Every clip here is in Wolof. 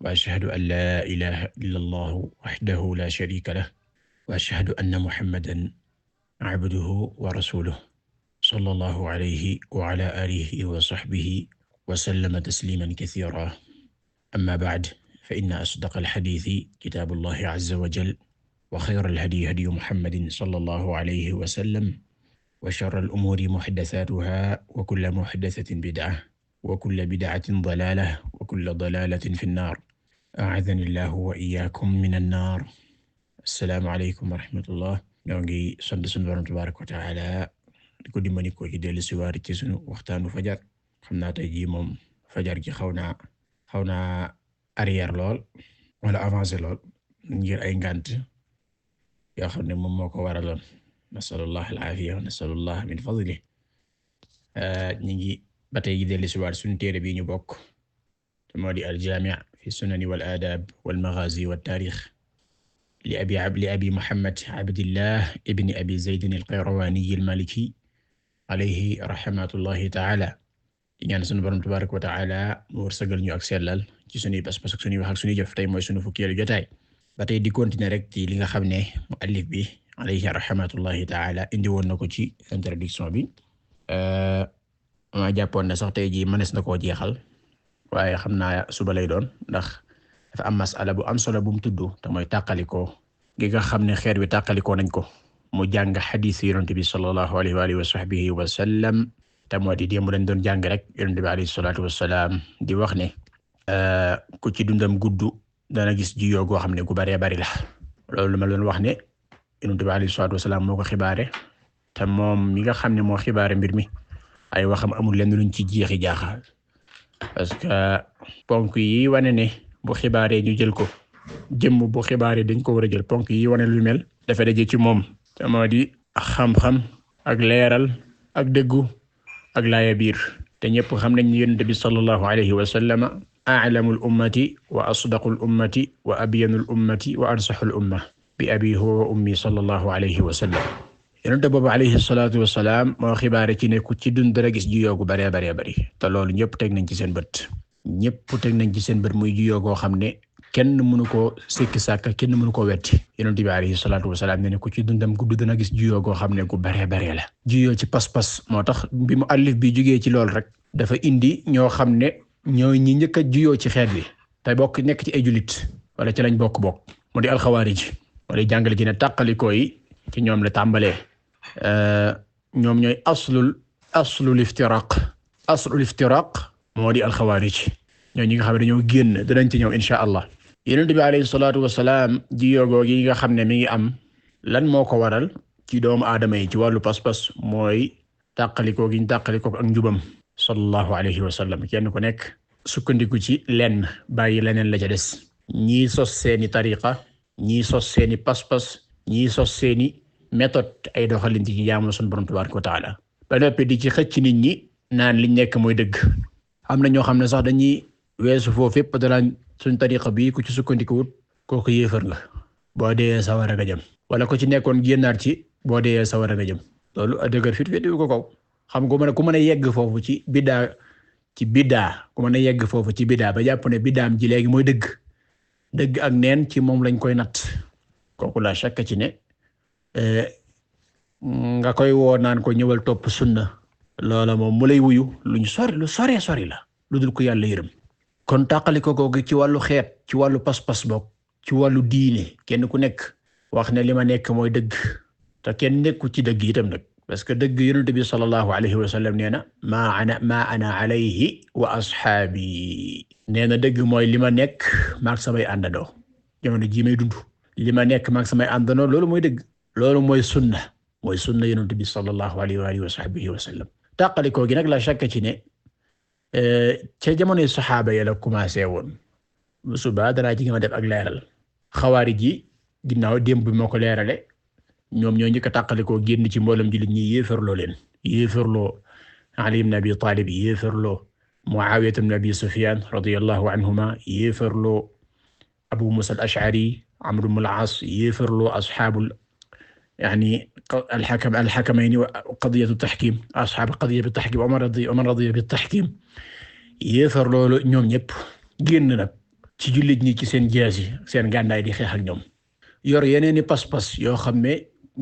wa ashhadu an laa ilaaha illa allahu wahdahu laa shariika lahu wa ashhadu anna muhammadan abduhu wa rasuluhu sallallahu alayhi wa ala aalihi wa sahbihi wa sallama tasliiman kasiiran amma ba'd fa inna asdaqa alhadiisi kitaabullahi azza wa jalla wa xayra alhadyi hadyu muhammadin sallallahu alayhi wa sallam wa sharra al-umuuri muhdasaatuhaa wa kulla muhdasatin bid'a wa kulla bid'atin dalaalatan wa kulla dalaalatin fin naar aadani llahu wa iyaakum min annaar assalaamu aleykum wa rahmatullah ñoo ngi sant sunu Boroom tabaaraka wa ko dimbali ko dellu si waar ci sunu waxtaanu fajar xam naa tey jii moom fajar gi xaw naa xaw naa arrière lool wala avancé lool ngir ay ngànt yoo xam ne moom moo ko waraloon nasalullah alaafiya wa nasalullah min fadli ñi ngi ba tey ji dellu si waar téere bi ñu bokk te moo di fi sunani wal aadaab wal maghaazi wat taariix li abi li abi Muhammad Abdillah ibn abi Zaydin al-Qayrawaani al-Maaliki alayhi rahmatullahi sunu borom tabaaraka wa ta'ala ñu ak sellal ci sunuy pas-pas ak sunuy wax tey mooy sunu fukkeelu jotaay ba tey di continuer rek ci li nga xam ne muallif bi alayhi rahmatullahi ta'ala indi woon na ko ci introduction bi euh, ma na sax tey ji mënees na koo jeexal waaye xam naa suba lay doon ndax dafa am masala bu am solo bu mu tudd te mooy tàqalikoo gi nga xam ne xeer wi tàqalikoo nañ ko mu jàng xadiis bi sallallahu alayhi wa alihi wa sahbihi wa sallam te moo di démb lañ doon jàng rek yonent bi alayhi salaatu wasalaam di wax ne euh, ku ci dundam gudd dana gis jiyoo goo xam ne gu bëree bëri la loolu ma doon wax ne yonent bi alayhi salaatu wasalaam moo ko xibaare te moom mi nga xam ne moo xibaare mbir mi ay waxam amul lenn luñ ci jeexi jaaxal parce que ponk yi wane ne bu xibaaree ñu jël ko jëmm bu xibaaree dañ ko war a jël ponk yi wane lu mel dafa daje ci moom te di xam-xam ak leeral ak dëggu ak laaya biir te ñëpp xam nañ yonent bi sallallahu alayhi wa sallama a'lamul ummati wa asdaqul ummati wa abyanul ummati wa ansaxul umma bi abi huwa wa ummi sallallahu alayhi wa sallam yonente boobu alayhi salaatu wasalaam moo xibaare ci ne ku ci dund dara gis juyoo gu baree bare bari te loolu ñëpp teg nañ ci seen bët ñëpp teg nañ ci seen bët muy juyoo goo xam ne kenn mënu koo sikki sàkk kenn mënu koo wetti yonente bi alayhi salaatu wasalaam ne ne ku ci dundam gudd dana gis juyoo goo xam ne gu baree baree la juyoo ci pas-pas moo tax bi mu allif bi jugee ci loolu rek dafa indi ñoo xam ne ñoo ñi njëkk a juyoo ci xeet bi te bokk nekk ci ay jullit wala ci lañ bokk bokk mu di alxawaarij wala jàngale ci ne tàqalikoo yi ci ñoom la tàmbalee Eh, ñoom ñooy aslul aslul iftiraq aslul iftiraq moo di alxawaarij ñoom ñi nga xam ne dañoo génn danañ ci ñëw insha allah yonent bi alayhi salaatu wasalaam ji yoogoo gi nga xam ne mi ngi am lan moo ko waral ci doomu aadama yi ci wàllu pas-pas mooy tàqalikoo giñ tàqalikoo ak njubam sallallahu alayhi wa sallam kenn ko nekk sukkandiku ci lenn bàyyi leneen la ca des ñii sos seeni tariqa ñii sos seeni pas-pas ñii sos méthode ay doxalin ci yaamu sunu borom tabaaraka wa taala ba noppi di ci xëcc nit ñi naan liñ nekk mooy dëgg am na ñoo xam ne sax dañuy weesu foofu yëpp dalaan suñ tariqa bi ku ci sukkandikuwut kooku yéefar nga boo dee sawara nga jëm wala ku ci nekkoon génnaar ci boo dee sawara nga jëm loolu dëgër fit fit ko kaw xam nga ku mën a ku mën a yegg foofu ci biddaa ci biddaa ku mën a yegg foofu ci biddaa ba jàpp ne biddaam ji léegi mooy dëgg dëgg ak neen ci moom lañ koy natt kooku la chaque ci ne Eh, nga koy woo naan ko ñëwal topp sunna loola moom mu lay wuyu luñ sori lu soree sori la lu dul ko yàlla yërëm kon tàqaliko googu ci wàllu xeet ci wàllu pas-pas boog ci wàllu diine kenn ku nekk wax ne li ma nekk mooy dëgg te kenn nekku ci dëgg itam nag parce que dëgg yonent bi sallallahu alayhi wa sallam nee na maa ana maa ana alayhi wa asxaabi nee na dëgg mooy li ma nekk maag samay àndandoo jamono ji dund li nekk maag samay àndandoo loolu mooy dëgg loolu mooy sunna mooy sunna yonent bi sallallahu alayhi wa alihi wa sahbihi wa sallam tàqalikoo nag la shakka ci ne e, ca jamonoy saxaaba ya la commencé woon suba danaa ci gën a def ak leeral xawaarij yi ginnaaw démb bi moo ko leerale ñoom ñoo njëkk a tàqalikoo génn ci mboolem jullit ñi yéefarloo leen yéefarloo Ali ibn Abi Talib yéefarloo Muawiya ibn Abi Sufyan radiyallahu anhuma yéefarloo Abu Musa al-Ash'ari Amr ibn al-As yéefarloo ashaabul يعني الحكم الحكمين وقضية التحكيم أصحاب قضية بالتحكيم ومن رضي ومن رضي بالتحكيم yéefar loolu ñoom ñëpp génn nag ci jullit ñi ci seen jaas yi seen gànnaay di xeex ak ñoom yor yeneen i pas-pas yoo xam ne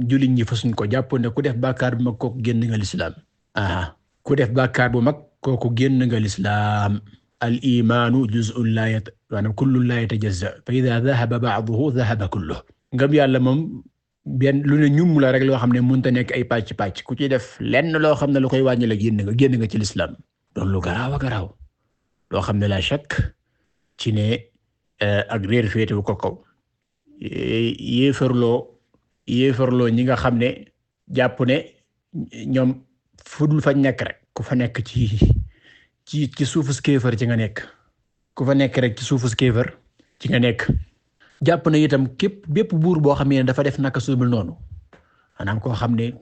jullit ñi fasuñ ko jàpp ne ku def bàkkaar bu mag kooku génn nga lislaam aa ku def bàkkaar bu mag kooku génn nga lislaam al imaanu juz'un la yat maanaam kullun la yatajazza fa idha dhahaba ba'duhu dhahaba kulluhu ngam yàlla moom benn lu ne ñum la rek loo xam ne mënut nekk ay pàcc pàcc ku ci def lenn loo xam ne lu koy wàññi la génn nga génn nga ci lislaam doon lu garaaw a garaaw loo xam ne la chak ci ne eh, ak réer féetewu ko kaw yéefarloo yéefarloo ñi nga xam ne jàpp ne ñoom fudul fa nekk rek ku fa nekk ci ci ci suufus kéefër ci nga nekk ku fa nekk rek ci suufus kéefër ci nga nekk jàpp na itam képp bépp buur boo xamee ne dafa def naka suubul noonu maanaam koo xam ne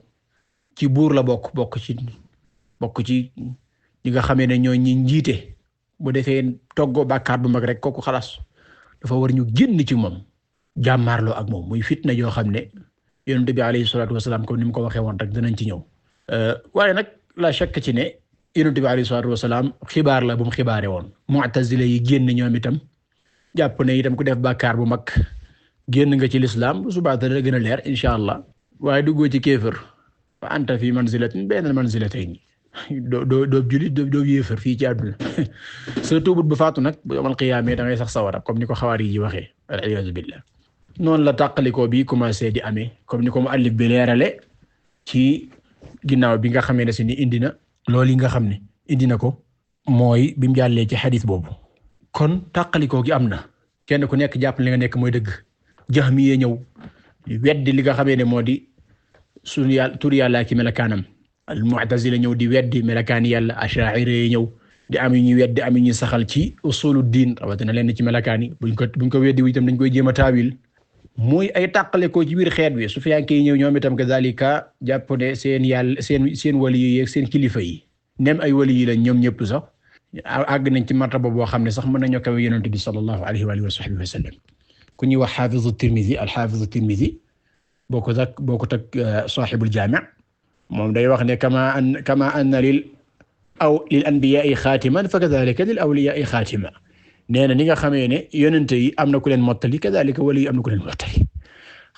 ci buur la bokk bokk ci bokk ci ñi nga xamee ne ñoo ñi njiite bu defee toggoo bàkkaar bu mag rek kooku xalaas dafa war ñu génn ci moom loo ak moom muy fitna yoo xam ne yonent bi alayhi salaatu wasalaam comme ni mu ko waxee woon rek dinañ ci ñëw euh, waaye nag la shakk ci ne yonent bi xibaar la bu mu xibaare woon mu'tazila yi génn ñoom itam jàpp ne itam ko def bàkkaar bu mag génn nga ci lislaam bu subaa gën a leer insha allah waaye duggoo ci kéefër fa anta fi manzilatin benn manzilatayn doo doo doo jullit doo doo yéefër fii ci àdduna soo tuubut bu faatu nag bu amal qiyaamee da ngay sax sawara comme ni ko xawaari yi waxee wal iyaazu billah noonu la tàqalikoo bi commencé di amee comme ni ko mu allif bi leerale ci ginnaaw bi nga xamee ne si ni indi na loolu yi nga xam ne indi na ko mooy bi mu jàllee ci xadis boobu kon tàqalikoo gi am na kenn ku nekk jàpp li nekk mooy dëgg jax mi yee ñëw weddi li nga xamee ne moo di sunu yàlla tur yàlla ki melakaanam al mu'tazila ñëw di weddi melakaan yàlla ash'ari yi ñëw di am yu ñuy weddi am yu ñuy saxal ci usulu diin rawatina leen ci melakaan yi buñ ko buñ ko weddi wi itam dañ koy jéem a taawil mooy ay tàqalikoo ci biir xeet wi su fiyanke yi ñëw ñoom itam kazalika jàpp ne seen yàlla seen seen wali seen kilifa yi nem ay wali yi lañ ñoom ñëpp sax àgg nañ ci martaba boo xam ne sax mën nañoo kawe yonent bi sallallahu alayhi wa alihi wa sahbihi wa sallam ku ñuy wax xaafizu Tirmidi al-xaafizu Tirmidi boo ko tak boo ko tak euh, saaxibul jaami' moom day wax ne kama an kama anna lil aw lil anbiya'i xaatiman fa kadhalika lil awliya'i xaatima nee na ni nga xamee ne yonent yi am na ku leen mottali kadhalika wali yi am na ku leen mottali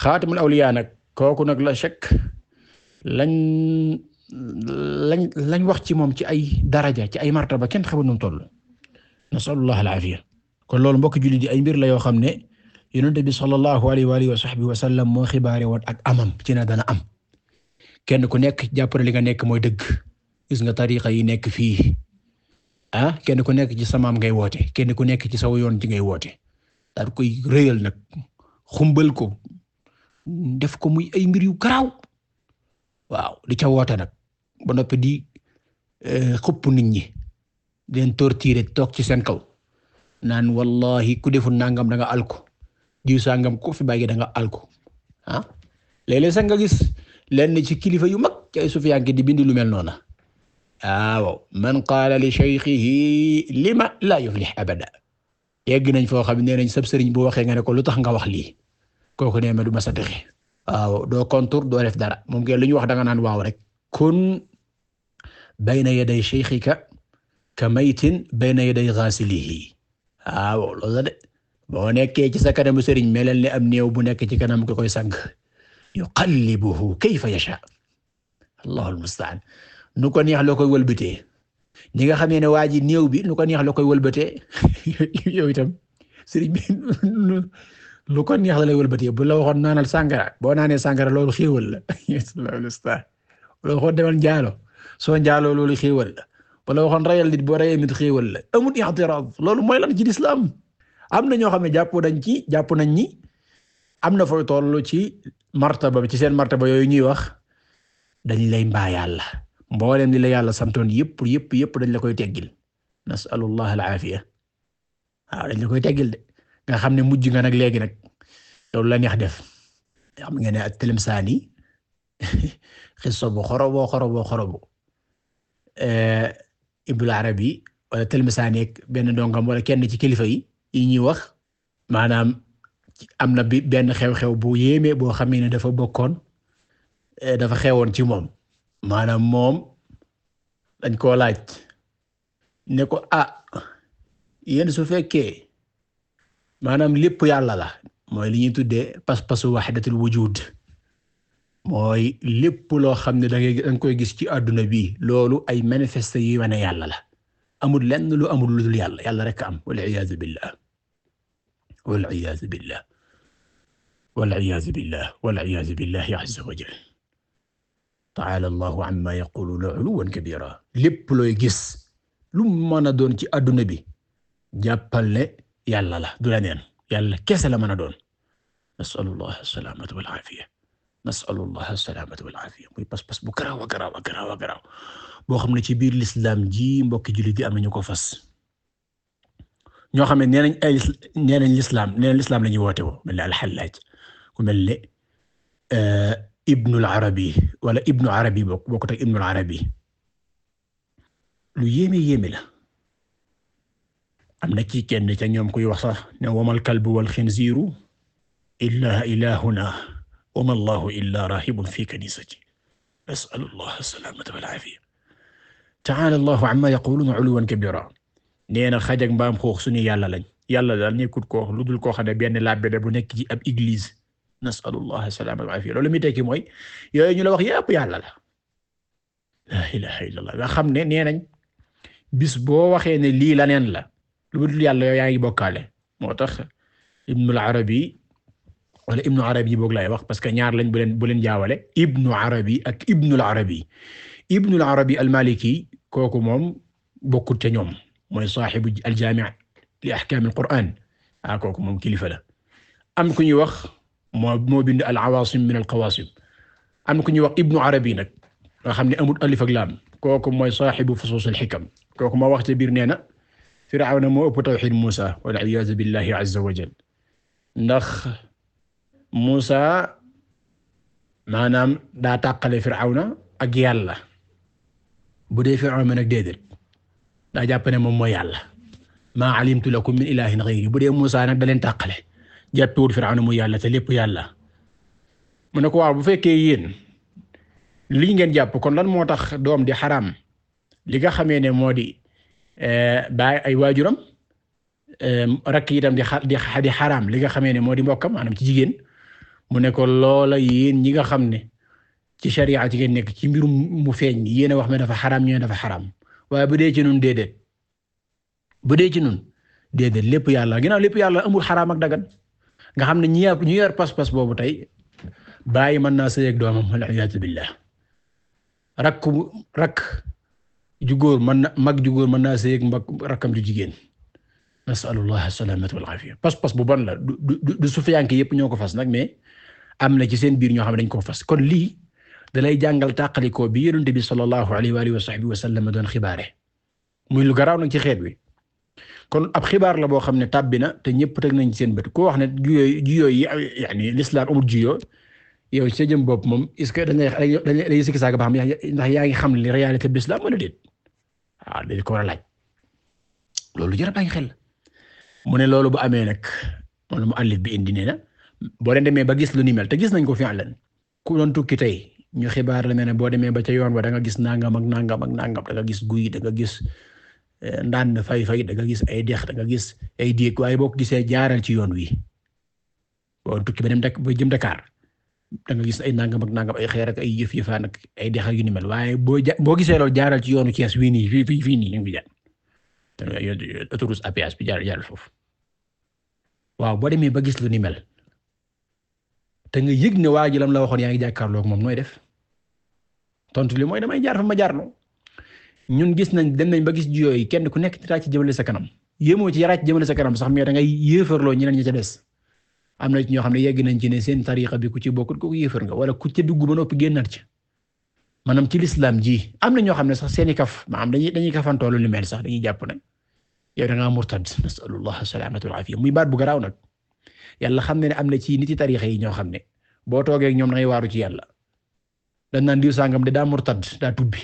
xaatimul awliya nag kooku nag la chek lañ lañ lañ wax ci moom ci ay daraja ci ay martaba kenn xamul nu toll nasalullah alaafiya kon loolu mbokk jullit yi ay mbir la yoo xam ne yonent bi sallallahu alayhi wa alihi sax bi wa sallam moo xibaare woon ak amam ci na dana am kenn ku nekk jàppale li nga nekk mooy dëgg gis nga tariqa yi nekk fii ah kenn ku nekk ci samaam ngay woote kenn ku nekk ci saw yoon ci ngay woote daal koy rëyal nag xumbal ko def ko muy ay mbir yu karaw waaw di ca woote nag ba noppi di eh, xupp nit ñi di leen torturer toog ci seen kaw naan wallahi ku deful nangam da nga alko diw sangam ku fi bàyyi da nga alko ah léeg-léeg sax nga gis lenn ci kilifa yu mag ci ay sufiyanke di bindi lu mel noona ah, waaw man qaala li shaykhihi lima la yuflih abada yegg nañ foo xam ne nañ sab sëriñ bu waxee nga ne ko lu tax nga wax lii kooku nee ma du ma sa texe ah, doo contour doo def dara moom kay lu ñu wax da nga naan waaw rek kun bayna yaday sheykhika ka maytin bayna yaday ghasilihi waaw loolu la de boo nekkee ci sa kanamu sëriñ melal ne am néew bu nekk ci kanamu koy sang yuqallibuhu kayfa yasha allahu almustaan nu ko neex la koy wëlbatee ñi nga xamee ne waa ji néew bi nu ko neex la koy wëlbatee yow itam sëriñ bi lu ko neex la lay wëlbatee bu la waxoon naanal sàngara boo naanee sàngara loolu xéewal la allahu almustaan wala waxoon demal njaalo soo njaaloo loolu xéewal la wala waxoon rayal nit boo rayee nit xéewal la amul i'tiraad loolu mooy lan ci lislaam am na ñoo xam ne jàpp nañ ci jàpp nañ ñi am na fooy tollu ci martaba ci seen martaba yooyu ñuy wax dañ lay mbaa yàlla mbooleem li la yàlla santoon yëpp yëpp yëpp dañ la koy teggil nasalullah alaafiya waaw dañ la koy teggil de nga xam ne mujj nga nag léegi nag loolu la neex def nga ne at قصة بخربة وخربة وخربة Ibnul Arabi wala Tilmisaani benn dongam wala kenn ci kilifa yi yi ñuy wax maanaam am na bi benn xew-xew bu yéeme boo xamee ne dafa bokkoon eh, dafa xewoon ci moom maanaam moom dañ koo laaj ne ko ah yéen su fekkee maanaam lépp yàlla la mooy li ñuy tuddee pas-pasu wahdatul wujud mooy lépp loo xam ne da ngay da koy gis ci àdduna bi loolu ay manifeste yi ne yàlla la amul lenn lu amul lu dul yàlla yàlla rek am wal iyaazu billah wal iyaazu billah wal iyaazu billah wal iyaazu billahi azza wa jal taala allahu amma yaquluuna uluwan kabira lépp looy gis lu mën a doon ci àdduna bi jàppal ne yàlla la du leneen yàlla kese la mën a doon nasalu allah salaamata wal aafiya nasalullah salaamata wal aafiya muy pas boo xam ne ci biir lislaam jii mbokki jullit yi am nañu ko fas ñoo xam ne nee nañ ay nee lislaam nee nañ lislaam woote woo mel ne alxallaaj ku mel ne eh, ibnul arabi wala ibnu arabi boo boo ko teg ibnul arabi lu yéeme yéeme la am na ci kenn ca ñoom kuy wax sax ne wamal kalbu wal xinziiru illaa ilaahuna wa ma allahu illa rahibun fi kanisati nasalu allah salaamata wal aafiya taala allahu amma yaquluuna uluwan kabira nee na xaj ak mbaam xoox suñu yàlla lañ yàlla daal nekkut koo lu dul koo xam ne benn labbe bu nekk ci ab église nasalu allah salaamata wal aafiya loolu mi tekki mooy yooyu ñu la wax yépp yàlla la laa ilaha illa allah nga xam ne nee nañ bis boo waxee ne lii laneen la lu dul yàlla yow yaa ngi bokkaale moo tax ibnul arabi wala ibnu arabi boog laay wax parce que ñaar lañ bu leen bu leen jaawale ibnu arabi ak ibnul arabi ibnul arabi almaliki kooku moom bokkut ca ñoom mooy saaxibu aljaami' li ahkaamil qur'aan ah kooku moom kilifa la am ku ñuy wax moo moo bind al awaasim min al qawaasib am ku ñuy wax ibnu arabi nag nga xam ne amul alif ak laam mooy saaxibu fusuusul xikam kooku ma wax ca biir nee na Firawna moo ëpp tawxiid Muusaa wal iyaazu billaahi Musa maanaam daa tàqale Firawna ak yàlla bu dee Firawna ma nag déedéet daa jàpp ne moom mooy yàlla maa alimtu lakum min ilahin ghayri bu dee Musa nag da leen tàqale jàppewul Firawna muy yàlla te lépp yàlla mu ne ko waaw bu fekkee yéen lii ngeen jàpp kon lan moo tax doom di xaram li nga xamee ne moo di eh, baay ay waajuram eh, rakk itam di di xaraam li nga xamee ne moo di mbokkam maanaam ci jigéen mu ne ko loola yéen ñi nga xam ne ci shari'a ci ngeen nekk ci mbirum mu feeñ yéen wax ne dafa xaram ñu dafa xaram waaye bu dee ci nun déedéet bu dee ci nun déedéet lépp yàlla ginnaaw lépp yàlla amul xaraam ak dagan nga xam ne ñi yor ñi yor pas-pas boobu tey bàyyi mën naa sëyeeg doomam waliyasu billah rakk rakk ju góor mën na mag ju góor mën naa sëyeeg mbag rakkam ju jigéen nasalullah salamata wal afiya pas-pas bu bon la du du sufiyanke yëpp ñoo ko fas nag mais am na ci seen biir ñoo xam ne dañ ko fas kon lii dalay jàngal tàqalikoo bi Yonent bi sallallahu alayhi wa alihi wa sahbihi wa sallam doon xibaare muy lu garaaw nag ci xeet wi kon ab xibaar la boo xam ne tàbbi na te ñëpp teg nañ ci seen bët ku wax ne juyoo juyoo yi yaani l'islam amul juyoo yow sa jëm moom est-ce que dañ lay sikki saaka ba xam ndax yaa ngi xam li réalité bi l'islam wala déet waaw ah, dañ ko war a laaj loolu jar a bàyyi xel mu ne loolu bu amee nag moom mu àllif bi indi nee na boo leen demee ba gis lu ni te gis nañ ko fi leen ku doon tukki tey ñu xibaar la ne boo demee ba ca yoon ba da nga gis nangam ak nangam ak nangam da nga gis guy da nga gis eh, ndànn fay-fay da nga gis ay dex da nga gis ay déeg boo ko gisee jaaral ci yoon wi boo tukki ba dem dak ba jëm Dakar da gis ay nangam ak nangam ay xeer ak ay yëf-yëfaan ak ay dex yu ni waaye boo boo gisee loolu jaaral ci yoonu Thiès wii nii fii fii fii nii ñu ngi jaar autoroute à péage bi jaar jaaral foofu waaw boo demee ba gis lu ni te nga yëg ne waa ji lam la waxoon yaa ngi jàkkaarloog moom nooy def tontu li mooy damay jaar fa ma jaarloo ñun gis nañ dem nañ ba gis ji yi kenn ku nekk ci jëmale sa kanam yéemoo ci yaraa ci jëmale sa kanam sax mais da ngay yéefarloo ñeneen ñi ca des am na ci ñoo xam ne yegg nañ ci ne seen tariqa bi ku ci bokkut kooku yéefar nga wala ku ci dugg ba noppi génnaat ci maanaam ci lislaam ji am na ñoo xam ne sax seeni kaf ma am dañuy kafantoolu lu mel sax dañuy jàpp ne yow da ngaa murtad nasalullah salamatu wal bu garaaw nag yàlla xam ne ne am na ci nit yi tarixa yi ñoo xam ne boo toogee ñoom da waaru ci yàlla dañ naan diw sàngam de daa murtad daa tubbi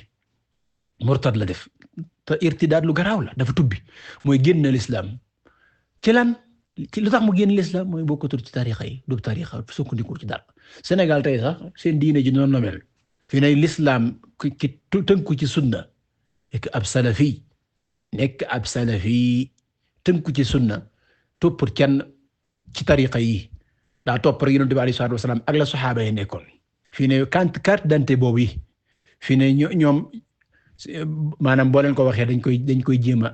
murtad la def te irtidaad lu garaaw la dafa tubbi mooy génn lislaam ci lan ci lu tax mu génn lislaam mooy bokkatul ci tarixa yi du tarixa sukkandiku ci dara Sénégal tey seen diine ji noonu la mel fi ne lislaam ki tënku ci sunna nekk ab fi nekk ab salafi tënku ci sunna toppul kenn ci tariqa yi daa topp rek yonent bi alayhi salaatu wasalaam ak la saxaaba yi nekkoon fii ne carte carte d'identité boobu fii ne ñoom maanaam boo leen ko waxee dañ koy dañ koy jéem a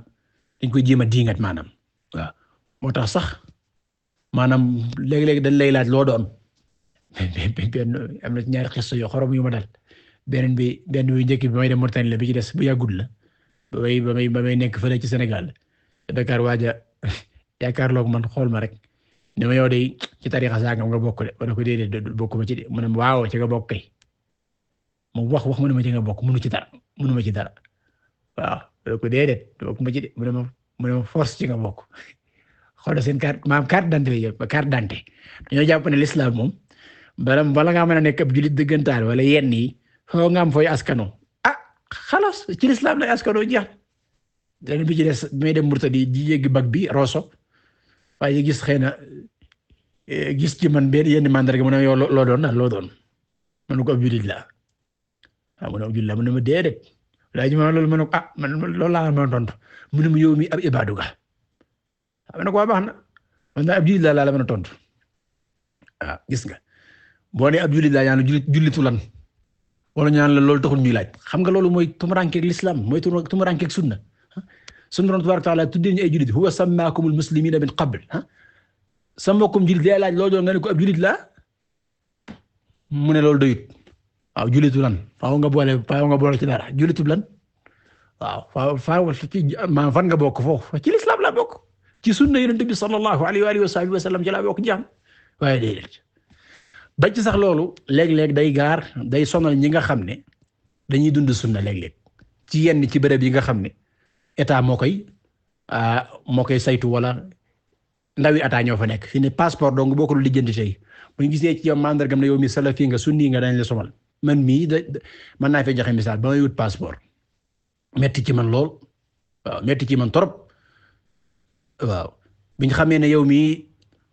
dañ koy jéem a diingat maanaam waaw moo tax sax maanaam léeg-léeg dañ lay laaj loo doon benn am na ñaari xista yoo xorom yu ma dal beneen bi benn bi njëkk bi may dem Mauritanie la bi ci des bu yàggul la ba may ba may ba nekk fële ci senegal Dakar waaja yaakaar loog man xool ma rek ne ma yow de ci tarixa sangam nga bokk de wala ko bokk ma ci de mu waaw ci nga bokk kay mu wax wax mu ne ma ci nga bokk munu ci dara munu ma ci dara waaw wala ko ma ci de mu ne ma mu ne ma force ci nga bokk xoolal seen carte maam carte d'identité la yëpp carte d'identité dañoo jàpp ne l'islam moom bala bala ngaa mën a nekk ab julit dëggantaan wala yenn yi foo nga am fooy askano ah xalaas ci l'islam lay askano jeex dañu bi ci des may dem murtadi ji yegg bag bi roso waaye gis xëy na e, gis ci man benn yenn mandarga mu ne yow loo doon ndax loo doon ma nu ko ab jullit laa waaw ma ne ab jullit laa mu ne ma déedéet ko ah man loolu laa ma tontu mu yow mi ab ibaadu ga ko waa baax na man daal ab jullit laa laa a tontu waaw gis nga boo nee ab jullit laa yaa ngi jullit ñaan la loolu taxul ñuy laaj xam nga loolu mooy tumuraankeeg lislaam mooy tumuraankeeg sunna suñu borom tabaaraka wa taala tuddee ñu ay jullit huwa sammaakumul muslimiina min qabl ah sa mbokkum jullit lay loo doon nga ko ab jullit laa mu ne loolu doyut waaw jullitu lan nga boole faaw nga boole ci dara jullitu lan waaw faaw faaw nga bokk foofu ci lislaam laa bokk ci sunna yonent bi sallallahu alayhi wa sahbihi wa sallam ci laa bokk jaam waaye déedéet ba sax loolu léeg-léeg day gaar day sonal ñi nga xam ne dañuy dund sunna léeg-léeg ci yenn ci béréb yi nga xam ne état moo koy ah, moo koy saytu wala ndawi ataa ñoo fa nekk fi ne passeport dong boo ko lu lijjanti tey bu ñu gisee ci yow mandargam ne yow mi salafi nga sunni nga dañ la somal man mii da mën naa fee joxe misaal ba may passeport metti ci man lool waaw metti ci man trop waaw bi xamee ne yow mii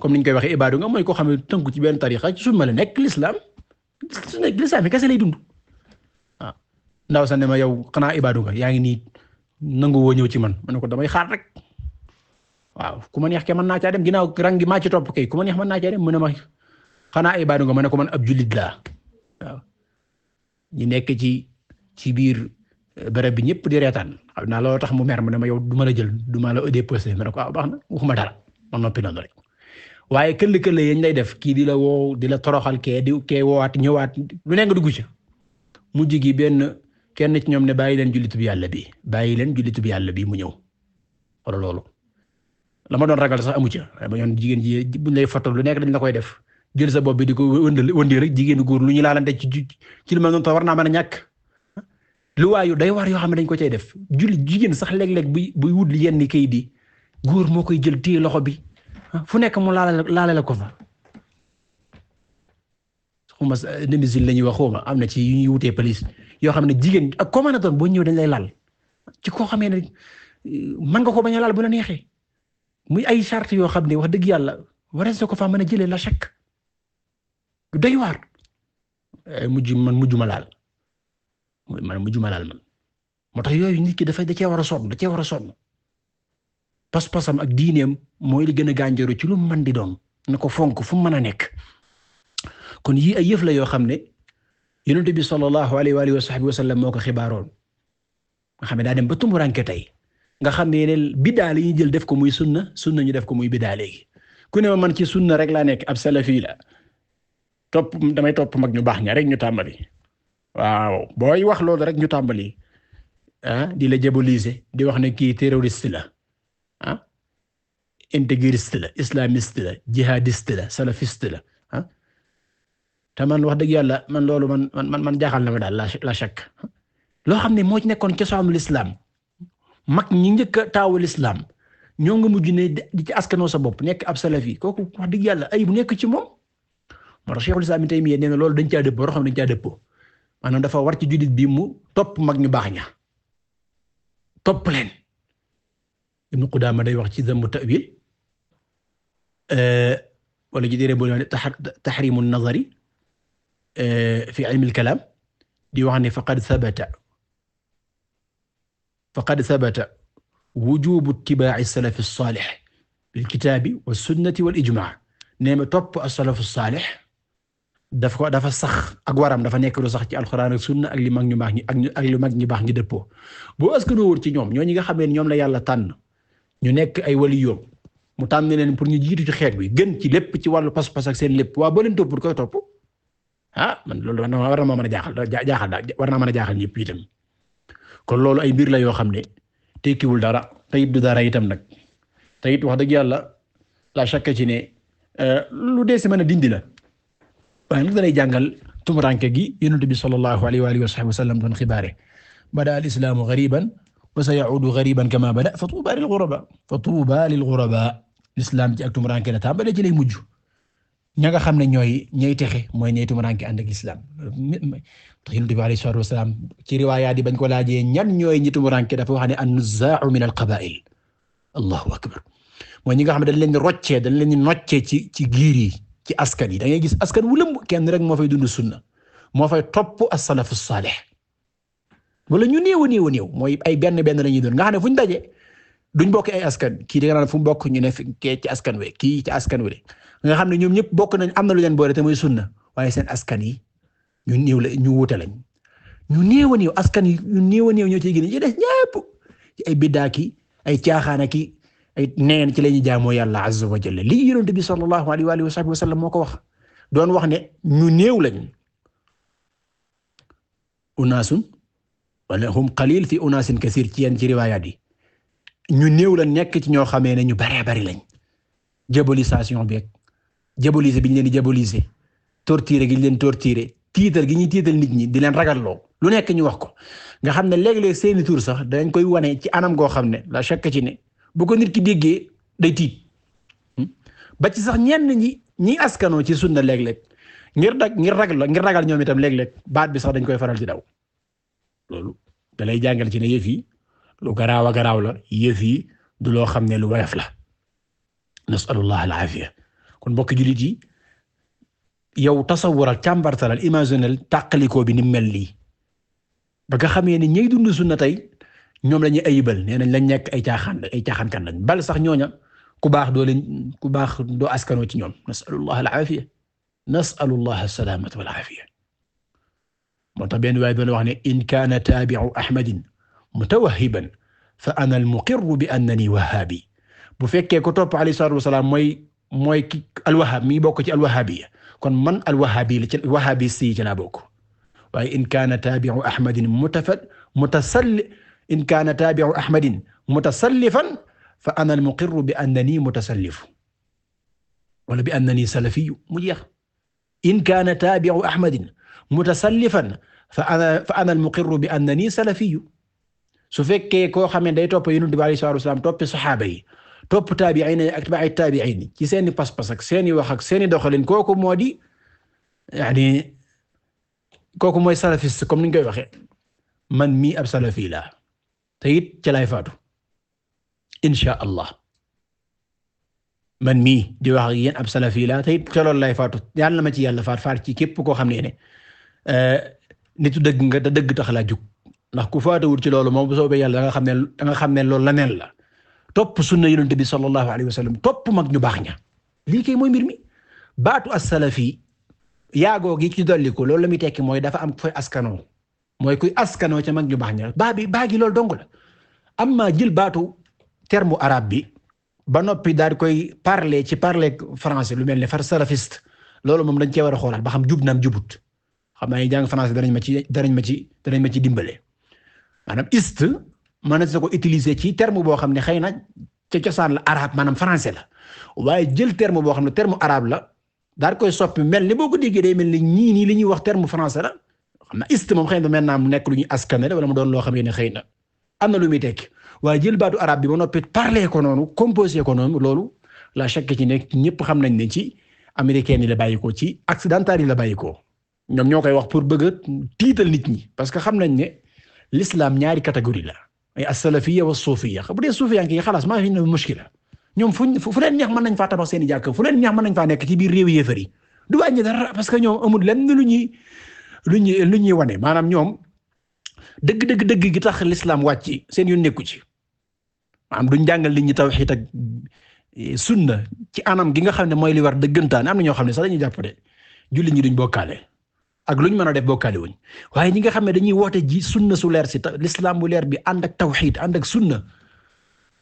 comme niñ koy waxee ibaadu nga mooy koo xam ne tënku ci benn tarixa ci sunna la nekk l'islam nekk l'islam kese lay dund ndaw sa ne ma yow xanaa ibaadu nga yaa ngi nii nangu woo ñëw ci man ma ne ko damay xaar rek waaw ku ma neex ke mën naa caa dem ginnaaw rang gi maa ci topp kay ku ma neex mën naa caa dem mu a ma xanaa ibaadu nga ma ne ko man ab jullit laa waaw ñu nekk ci ci biir eh, barab bi ñëpp di reetaan xam naa loolu tax mu mer mu ne ma yow du ma la jël du ma la déposé ma ne ko waaw ah, baax na waxuma dara ma noppi noonu rek waaye këll këll yañ lay def kii di la woo di la toroxal kee di kee woowaat ñëwaat lu ne nga ci kenn ci ñoom ne bàyyi leen jullitub yàlla bi bàyyi leen jullitub yàlla bi mu ñëw wala loolu la ma doon ragal sax amu ca ma ñoon jigéen ji buñ lay fotal lu nekk dañ la koy def jël sa bopp bi di ko wëndal wëndi rek jigéen góor lu ñu laalante ci ci lu mel noonu war naa mën a ñàkk lu waayu day war yoo xam ne dañ ko cay def julli jigéen sax léeg-léeg buy buy wut yenn kayit di góor moo koy jël ti loxo bi ah, fu nekk mu laala laalale ko fa xuma demisil la ñuy wax xuma am na ci yu ñuy wutee police yoo xam ne jigéen ak koo mën a doon boo ñëw dañ lay laal ci koo xamee ne mën nga ko bañ a laal bu la neexee muy ay charte yoo xam ne wax dëgg yàlla warees na ko faa mën a jëlee la chèque doy eh, mujj man mujj ma laal man mujj laal man moo tax yooyu nit ki dafay da cee war a sonn da cee war a sonn pas-pasam ak diineem mooy li gën a gànjaru ci lu man di doon na ko fonk fu mu mën a nekk kon yii ay yëf la yoo xam ne. yonent bi sallallahu alayhi wa alihi wa sahbihi wa sallam moo ko xibaaroon nga xam ne daa dem ba tumuranke tey nga xam ne yeneen biddaa la ñuy jël def ko muy sunna sunna ñu def ko muy biddaa léegi ku ne ma man ci sunna rek laa nekk ab salafi la topp damay topp mag ñu baax ña rek ñu tàmbali waaw booy wax loolu rek ñu tàmbali ah di la diaboliser di wax ne kii terroriste la ah intégriste la islamiste la jihadiste la salafiste la te man wax dëgg yàlla man loolu man man man jaaxal na ma daal la chak loo xam ne moo ci nekkoon cosaanu lislaam mag ñi njëkk a taawu lislaam ñoo nga mujj ne di ci askanoo sa bopp nekk ab salafi kooku wax dëgg yàlla ayib nekk ci moom moo tax Cheikhul Islam Ibn Taymiyya nee na loolu dañ caa dëppoo xam ne dañ caa dëppoo maanaam dafa war ci jullit bi mu topp mag ñu baax ña topp leen Ibn Qudaama day wax ci Zambu Ta'wil euh, wala ji déré bo tahrimu nazari fi ilmi al-kalaam di wax ne faqad sabata faqad sabata wujubu ittibaa'i as-salaf as-saalih bil kitaabi wa sunnati wal ijmaa nee ma topp as-salaf as-saalih daf ko dafa sax ak waram dafa nekk lu sax ci alxuraan ak sunna ak li mag ñu baax ñi ak ak li mag baax ñi dëppoo boo askanoo wër ci ñoom ñoo ñi nga xamee ñoom la yàlla tànn ñu nekk ay waliyoom mu tànn leen pour ñu jiitu ci xeet wi gën ci lépp ci wàllu pas-pas ak seen lépp waa boo leen topp koy topp. ah man loolu war na ma mën a jaaxal jaaxal daal war naa mën a jaaxal ñëpp itam kon loolu ay mbir la yoo xam ne tekkiwul dara te it du dara itam nag te it wax dëgg yàlla la chaque ci euh, lu dee si mën a dindi la waaye nag danay jàngal tumuranke gi yonent bi sallallahu alayhi wa alihi wa sahbihi wa sallam doon xibaare bada al islaamu ghariban wa sa ya'udu ghariban kama bada fa tuuba lil ghuraba fa tuuba lil ghuraba l'islam ci ak tumuranke la tàmbale ci lay mujj ña nga xam ne ñooy ñay texe mooy ñay tumuranke ànd ak lislaam Yonent ci riwaayaat yi bañ ko laajee ñan ñooy ñi tumuranke dafa wax ne an-nuzzaa'u min al-qabaa'il allahu akbar mooy ñi nga xam ne dañ leen di dañ leen di noccee ci ci giir yi ci askan yi da gis askan wu lëmb kenn rek moo fay dund sunna moo fay topp as-salafu saalih ñu néew a néew a néew mooy benn benn la ñuy doon nga xam ne fu ñu daje duñ bokk ay askan kii da nga naan fu mu bokk ñu ne kii ci askan wi kii ci askan wi de nga xam ne ñoom ñëpp bokk nañ am na lu leen boole te muy sunna seen askan yi ñu néew la ñu wuute lañ ñu néew askan yi ñu néew ñoo ciy gën ci ay biddaaki ay caaxaana ki ay neen ci la ñuy jaamoo yàlla azza wa jalla lii yonent bi sallallahu alayhi wa sahbihi wa sallam moo ko wax wax ne ñu néew lañ unaasun wala hum qalil fi unaasin kasir ci yenn ci riwaayaat yi ñu néew la nekk ci ñoo xamee ne ñu baree bari lañ diabolisation beeg diaboliser bi ñu leen di diaboliser torturer gi ñu leen torturer tiital gi ñuy tiital nit ñi di leen ragaloo lu nekk ñu wax ko nga xam ne léeg-léeg seeni tuur sax dañ koy wane ci anam goo xam ne la chaque ci ne bu ko nit ki déggee day tiit hmm? ba ci sax ñenn ñi ñi askanoo ci sunna léeg-léeg ngir dag ngir ragal ngir ragal ñoom itam léeg baat bi sax dañ koy faral di daw loolu da jàngal ci ne yëf lu garaaw a garaaw la yëf yi du loo xam ne lu woyof la nasalullah al aafiya kon mbokki jullit yi yow tasawural càmbartalal imaginel tàqalikoo bi ni mel nii ba nga xamee ni ñey dund sunna tey ñoom la ñuy ayibal nee nañ lañ nekk ay caaxaan ay caaxaan kan lañ bal sax ñooña ku baax doo leen ku baax doo askanoo ci ñoom nasalullah al aafiya nasalullah alsalaamata wal aafiya moo tax benn waay doon wax ne in kaana taabi'u ahmadin mutawahhiban fa ana al muqirru bi annani wahaabi bu fekkee ko topp alayhi salaatu wasalaam mooy mooy ki alwahab mi bokk ci alwahabiya kon man alwahabi la ci wahabi si ci laa bokk waaye in kaana taabiu ahmadin mutafat mutasalli in kaana taabiu ahmadin mutasallifan fa ana almuqirru bi annani mutasallifu wala bi annani salafiyu mu jeex in kaana taabiu ahmadin mutasallifan fa ana fa ana almuqirru bi annani salafiyu su fekkee koo xam ne day topp yonent bi alayhi salaatu wa salaam toppi saxaaba yi topp taabi'iin ak atbaa'i taabi'iin ci seeni pas-pas seeni wax ak seeni doxalin kooku moo di yaani kooku mooy salafiste comme ni ñu koy waxee man mii ab salafi laa te it ca laay faatu insha allah man mii di wax ak yéen ab salafi te it ca loolu faatu yàlla na ma ci yàlla faat faat ci képp koo xam ne ne eh, nitu dëgg nga te dëgg tax laa jug ndax ku faatuwul ci loolu moom bu soobee yàlla nga xam ne da nga xam ne loolu la la. topp sunna yonent bi sallallahu alayhi wa sallam topp mag ñu baax ña lii kay mooy mbir mi baatu as-salafi yaagoo gi ci dolli ko loolu la muy tekki mooy dafa am fooy askanoo mooy kuy askanoo ca mag ñu baax ña baa bi baa gi loolu dong la amma jël baatu terme arabe bi ba noppi daal di koy parler ci parler français lu mel ne far salafiste loolu moom dañ cee war a xoolaat ba xam jub naam jubut xam naa jàng français danañ ma ci danañ ma ci danañ ma ci dimbale maanaam ist mën na sa ko utiliser ci terme boo xam ne xëy na ca cosaan la arabe maanaam français la waaye jël terme boo xam ne terme arabe la daal koy soppi mel ni boo ko déggee day mel ni ñii nii li ñuy wax terme français la xam na ist moom xëy na maintenant mu nekk lu ñuy askanale wala mu doon loo xam ne xëy na am na lu muy tekki waaye jël baatu arabe bi ba noppi parler ko noonu composer ko noonu loolu la chaque ci nekk ñëpp xam nañ ne ci américain yi la bàyyikoo ci accidentaire yi la bàyyikoo ñoom ñoo koy wax pour bëgg a tiital nit ñi parce que xam nañ ne l'islam ñaari catégorie la. as-salafiyya was-sufiyya bu dee suufiyanke yi xalaas maa fi ne mushkila ñoom fuñ fu leen neex mën nañ faa tabax seen i jàkk fu leen neex mën nañ faa nekk ci biir dara parce que ñoom amul lenn lu ñuy lu ñuy lu ñuy wane maanaam ñoom dëgg-dëgg dëgg gi tax l'islam wàcc seen yoon nekku ci maanaam duñ jàngal li ñu tawxiid ak e, sunna ci anam gi nga xam ne mooy li war dëggantaan am na ñoo xam ne sax dañuy jàpp de julli ñi duñ bokkaale ak lu ñu mën a def bokkaale wuñ waaye ñi nga xam ne dañuy woote ji sunna su leer si lislaam bu leer bi ànd ak tawxiid ànd ak sunna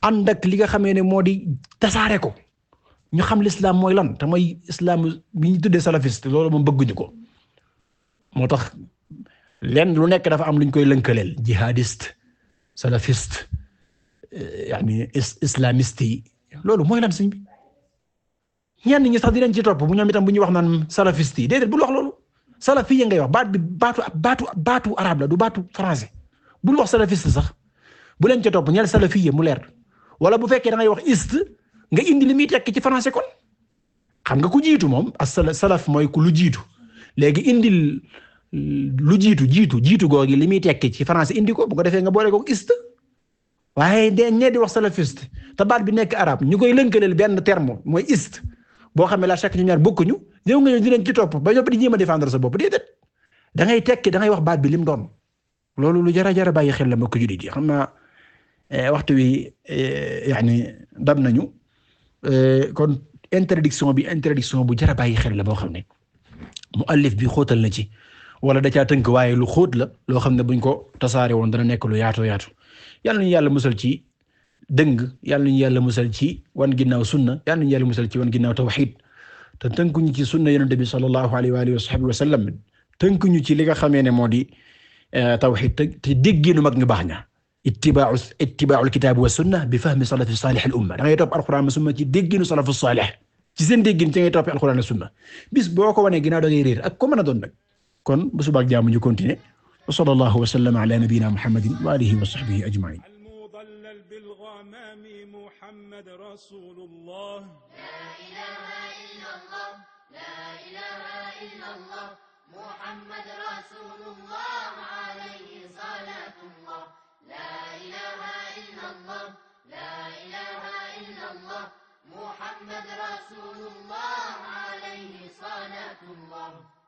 ànd ak li nga xamee ne moo di tasaare ko ñu xam lislaam mooy lan te mooy bi ñu tuddee salafiste loolu moom bëgguñu ko moo tax lenn lu nekk dafa am luñ ñu koy lënkaleel jihadiste salafiste euh, yaani islamiste yi loolu mooy lan suñ bi ñenn ñi sax dinañ ci topp bu ñoom itam bu ñuy wax naan salafiste yi bu loolu salafiya ngay wax baat bi baatu baatu baatu arabe la du baatu français bul wax salafiste sax bu leen ca topp ñeel salafiya mu leer wala bu fekkee da ngay wax ist nga indi li muy tekki ci français kon xam nga ku jiitu moom as salaf mooy ku lu jiitu léegi indi lu jiitu jiitu jiitu googi li muy tekki ci français indi ko bu ko defee nga boole ko ist waaye de ñee di wax salafiste te baat bi nekk arabe ñu koy lënkaleel benn termo mooy ist boo xamee la chaque ñu ñaar bokkuñu ñëw nga ñëw di leen ci topp ba ñëpp di jéem a défendre ba bopp déedéet da ngay tekki da ngay wax baat bi doon loolu lu jara jara bàyyi xel la mbokku jullit yi xam naa eh, waxtu wi eh, yaani dam nañu eh, kon interdiction bi interdiction bu jara bàyyi xel la boo xam ne muallif bi xóotal na ci wala da caa tënk waaye lu xóot la loo xam ne buñ ko tasaare woon dana nekk lu yaatoo yaatu yàlla ñu yàlla musal ci dëng yàlla ñu yàlla musal ci wan ginnaaw sunna yàlla ñu yàlla musal ci wan ginnaaw tawxiid te tënkuñu ci sunna yonent bi sallallahu alayhi wa alihi wa sahbihi wa sallam tënkuñu ci li nga xamee ne moo di eh, tawxiid te dégginu mag ñu baax ña ittibaa'u ittibaa'ul kitaab wa sunna bi fahmi salafi saalih al umma da ngay topp alquran sunna ci dégginu salafu saalih ci seen déggin ci ngay topp alquran sunna bis boo ko wanee ginnaaw da ngay réer ak ko mën a doon nag kon bu subaak jaamu ñu continuer wa sallallahu wa sallam ala nabiyyina muhammadin wa alihi wa sahbihi ajma'in محمد رسول الله لا إله إلا الله لا إله إلا الله محمد رسول الله عليه صلاة الله لا إله إلا الله لا إله إلا الله محمد رسول الله عليه صلاة الله